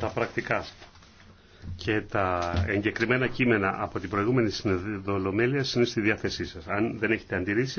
τα πρακτικά και τα εγκεκριμένα κείμενα από την προηγούμενη συνεδρία είναι στη διάθεσή σας. Αν δεν έχετε αντιρρήσει,